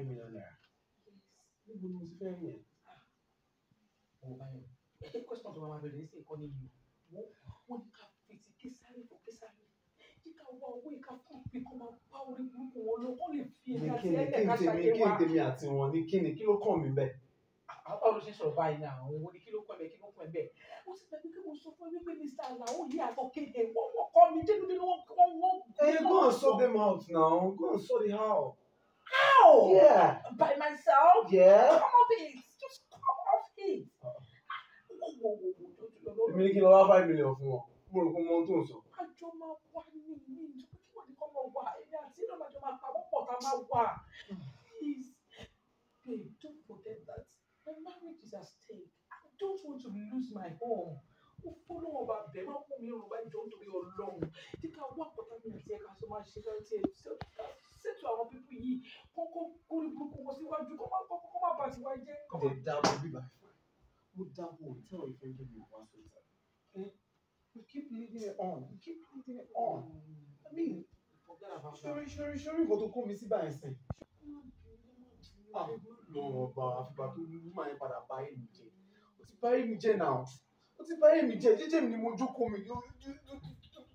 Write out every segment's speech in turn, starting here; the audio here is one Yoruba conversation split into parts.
five million naira níbo ni mo ti fẹ́ yẹn. mo bá yẹn ẹ kọ́sítọ̀ tó máa bẹ̀rẹ̀ sí nǹkan ní yìí wọ́n wọ́n ní ká fèsì késàrì fún késàrì kí wá owó ìka fún mi kó máa bá orí burúkú wọn lọ kó lè fi ẹ̀ka sí ẹ̀ka ṣàyẹ̀wò. kí ni tèmi àti wọn ni kí ni kí ló kàn mí bẹ́ẹ̀. àwọn ọ̀rọ̀ ṣe sọ̀rọ̀ báyìí náà àwọn ìwọ́n ni kí ló kàn bẹ́ẹ̀ kí ló kàn bẹ́ẹ̀. ó sì tẹ̀lé pé mo sọ fún ẹ wípé mr alao yìí àtọ kéde wọ́n kọ́ mi dénú dénú wọ́n wọ́n. ẹ go and sort them out now go and sort it out. No. Yeah. By myself. Yeah. Come off it. Just come off it. Èmi ní kí n lọ wá five million fún ọ, mo rò pé mo tó ń Àjọ máa wá ní ìlú ìjọba kí wọ́n ní kọ́ máa wà, èmi àti ìlú àjọ máa pawọ́ pọ̀ tá máa wà. Please, babe, don't forget that my marriage is at stake. I don't want to lose my home. Ó fọ́lọ́ ọba bẹ̀rẹ̀ máa wù mí rò bá jọ nítorí Ọlọ́run. Díkà wá pọ̀tà mi àti ẹ̀ka sọ máa ṣe láti ẹ̀ to àwọn pípú yìí kó kó kó rí burúkú kó síwájú kó má kó kó má bá tiwa jẹ́. mo dáàbò bíbá mo dáàbò tell you thank you for one sweet time. you, keep leading it on you, keep leading it on i mean sori sori sori nǹkan tó kó mi sí báyìí sìn. lọ́wọ́ bá àfìgbà tó ní máa ń padà bá èmi jẹ ó ti bá èmi jẹ náà ó ti bá èmi jẹ jẹjẹ mi ni mo jókòó mi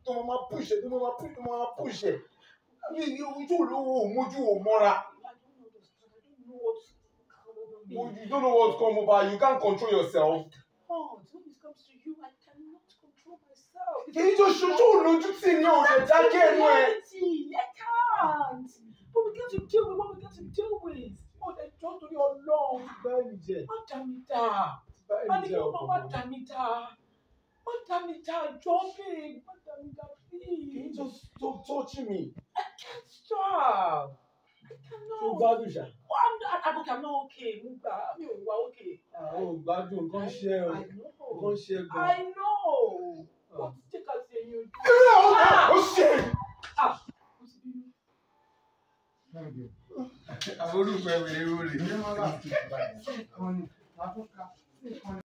tó máa pùṣẹ tó máa pùṣẹ tó máa pùṣẹ mi ní ojú olówó òmójú òmọ́ra. You don't know what's come over you can't control yourself. Oh, when it comes to you, I cannot control myself. Kì í jọ ṣojú olójú tí you. ò lè dákẹ́ ẹnu ẹ. I can't. But we got to deal with what we got to deal with. Oh, jọ́ torí ọlọ́run. your jẹ. Má dá mi dá. Báyìí jẹ ọkọ. Má dá mi dá. Má dá mi dá. Please. Can you just stop touching me? gbádùn ṣá. Àgùkẹ́ àmì náà òkè mú gbà mí ò wá òkè. Àwọn ò nǹkan ṣe ẹ̀ nǹkan ṣe ẹ̀ I know. Wọ́n ah. ti jẹ́ ká ti ẹyin ojú. Irú ọ̀gá ó ṣe. Àwọn olùfẹ́ wèrè wèrè.